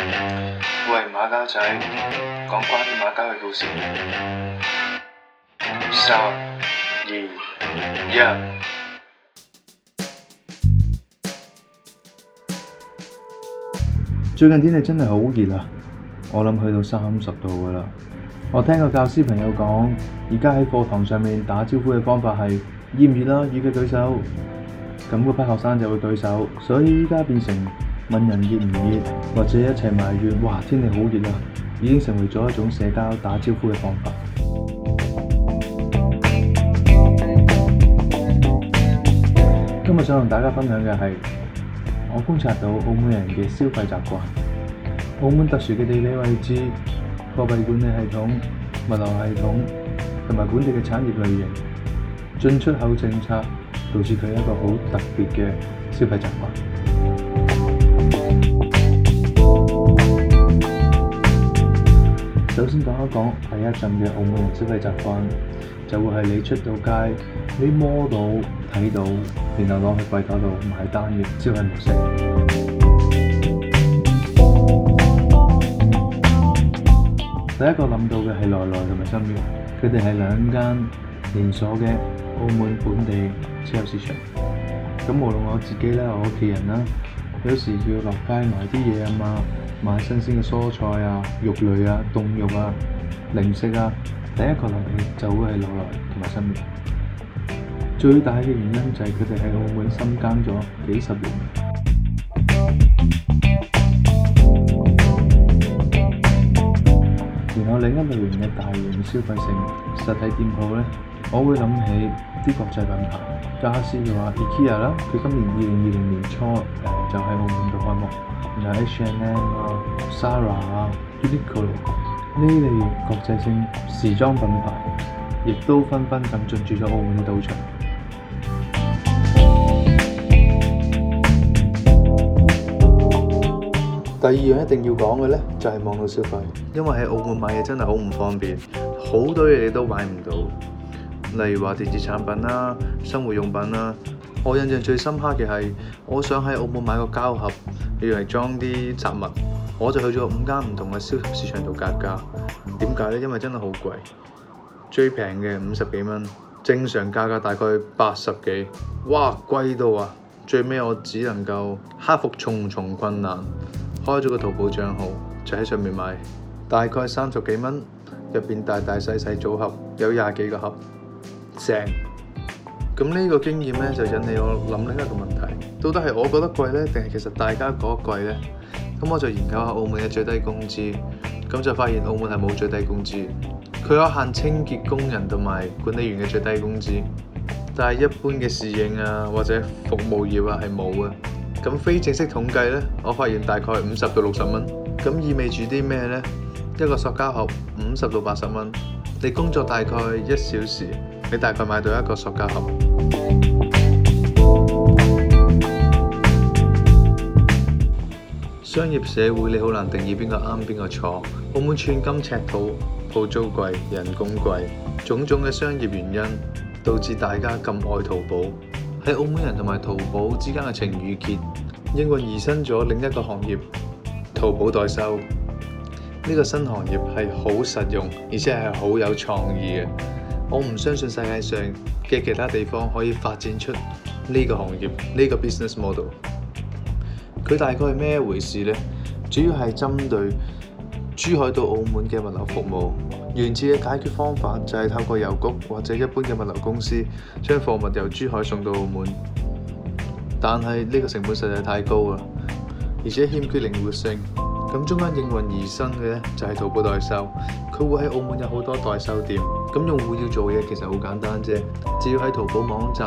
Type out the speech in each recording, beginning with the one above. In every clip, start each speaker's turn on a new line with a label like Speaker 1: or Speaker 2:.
Speaker 1: 喂，馬交仔，講關於馬交嘅故事。三二一，最近天氣真係好熱啊！我諗去到三十度㗎喇。我聽個教師朋友講，而家喺課堂上面打招呼嘅方法係熱唔熱啦，與佢對手，咁嗰班學生就會對手，所以依家變成。問人熱唔熱，或者一齊埋怨，哇！天氣好熱啊，已經成為咗一種社交打招呼嘅方法。今日想同大家分享嘅係，我觀察到澳門人嘅消費習慣。澳門特殊嘅地理位置、貨幣管理系統、物流系統，同埋本地嘅產業類型、進出口政策，導致佢有一個好特別嘅消費習慣。我講第一陣嘅澳門人消費習慣，就會係你出到街，你摸到睇到，然後攞去櫃枱度買單嘅消費模式。第一個諗到嘅係來來同埋心月，佢哋係兩間連鎖嘅澳門本地超級市場。咁無論我自己啦，我屋企人啦，有時要落街買啲嘢啊嘛。買新鮮嘅蔬菜啊、肉類啊、凍肉啊、零食啊，第一個來源就會係來來同埋新苗。最大嘅原因就係佢哋喺澳門深耕咗幾十年。 然後另一類型嘅大型消費性實體店鋪呢。我會諗起啲國際品牌，假使你話 IKEA 啦，佢今年二零二零年初誒就喺澳門度開幕，然後 H&M 啊、Sarah 啊、Uniqlo 呢啲國際性時裝品牌，亦都紛紛咁進駐咗澳門嘅市場。第二樣一定要講嘅呢，就係網絡消費，因為喺澳門買嘢真係好唔方便，好多嘢你都買唔到。例如話電子產品啦、啊、生活用品啦、啊，我印象最深刻嘅係，我想喺澳門買個膠盒用嚟裝啲雜物，我就去咗五間唔同嘅超級市場度格價。點解呢？因為真係好貴，最平嘅五十幾蚊，正常價格大概八十幾，哇貴到啊！最尾我只能夠克服重重困難，開咗個淘寶賬號，就喺上面買，大概三十幾蚊，入邊大大細細組合有廿幾個盒。成咁呢個經驗咧，就引起我諗另一個問題：到底係我覺得貴呢，定係其實大家覺得貴呢？咁我就研究下澳門嘅最低工資，咁就發現澳門係冇最低工資。佢有限清潔工人同埋管理員嘅最低工資，但係一般嘅侍應啊，或者服務業啊，係冇嘅。咁非正式統計咧，我發現大概五十到六十蚊。咁意味住啲咩咧？一個塑膠盒五十到八十蚊，你工作大概一小時。你大概買到一個塑膠盒。商業社會你好難定義邊個啱邊個錯。澳門寸金尺土，鋪租貴，人工貴，種種嘅商業原因導致大家咁愛淘寶。喺澳門人同埋淘寶之間嘅情與結，應運而生咗另一個行業——淘寶代收。呢、這個新行業係好實用，而且係好有創意嘅。我唔相信世界上嘅其他地方可以發展出呢個行業呢、呢個 business model。佢大概係咩回事呢？主要係針對珠海到澳門嘅物流服務，原始嘅解決方法就係透過郵局或者一般嘅物流公司將貨物由珠海送到澳門。但係呢個成本實在太高啦，而且欠缺靈活性。咁中間應運而生嘅呢，就係、是、淘寶代收。佢會喺澳門有好多代收店。咁用戶要做嘢其實好簡單啫，只要喺淘寶網站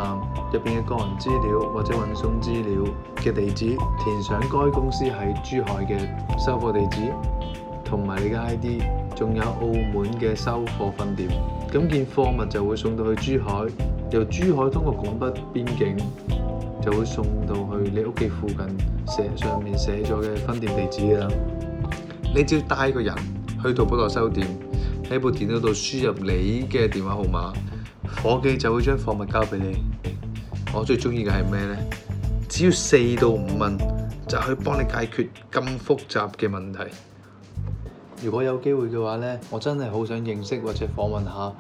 Speaker 1: 入面嘅個人資料或者運送資料嘅地址填上該公司喺珠海嘅收貨地址，同埋你嘅 ID，仲有澳門嘅收貨分店。咁件貨物就會送到去珠海，由珠海通過拱北邊境就會送到去你屋企附近寫上面寫咗嘅分店地址。你只要帶個人去淘寶代收店。喺部電腦度輸入你嘅電話號碼，伙計就會將貨物交俾你。我最中意嘅係咩呢？只要四到五蚊，就可以幫你解決咁複雜嘅問題。如果有機會嘅話呢，我真係好想認識或者訪問下，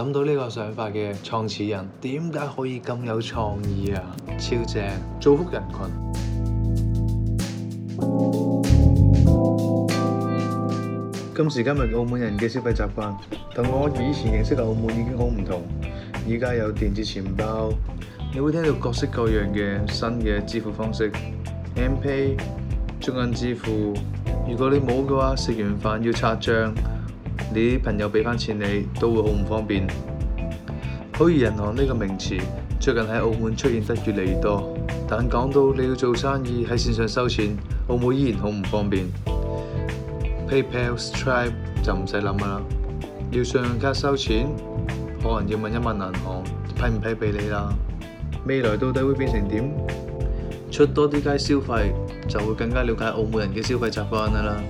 Speaker 1: 諗到呢個想法嘅創始人，點解可以咁有創意啊？超正，造福人羣。今時今日澳門人嘅消費習慣同我以前認識嘅澳門已經好唔同，依家有電子錢包，你會聽到各式各樣嘅新嘅支付方式，M Pay、MP, 中銀支付。如果你冇嘅話，食完飯要刷帳，你啲朋友俾返錢你都會好唔方便。好如銀行呢個名詞，最近喺澳門出現得越嚟越多，但講到你要做生意喺線上收錢，澳門依然好唔方便。PayPal、Stripe 就唔使諗啦，要信用卡收錢，可能要問一問銀行批唔批畀你啦。未來到底會變成點？出多啲街消費，就會更加了解澳門人嘅消費習慣啦。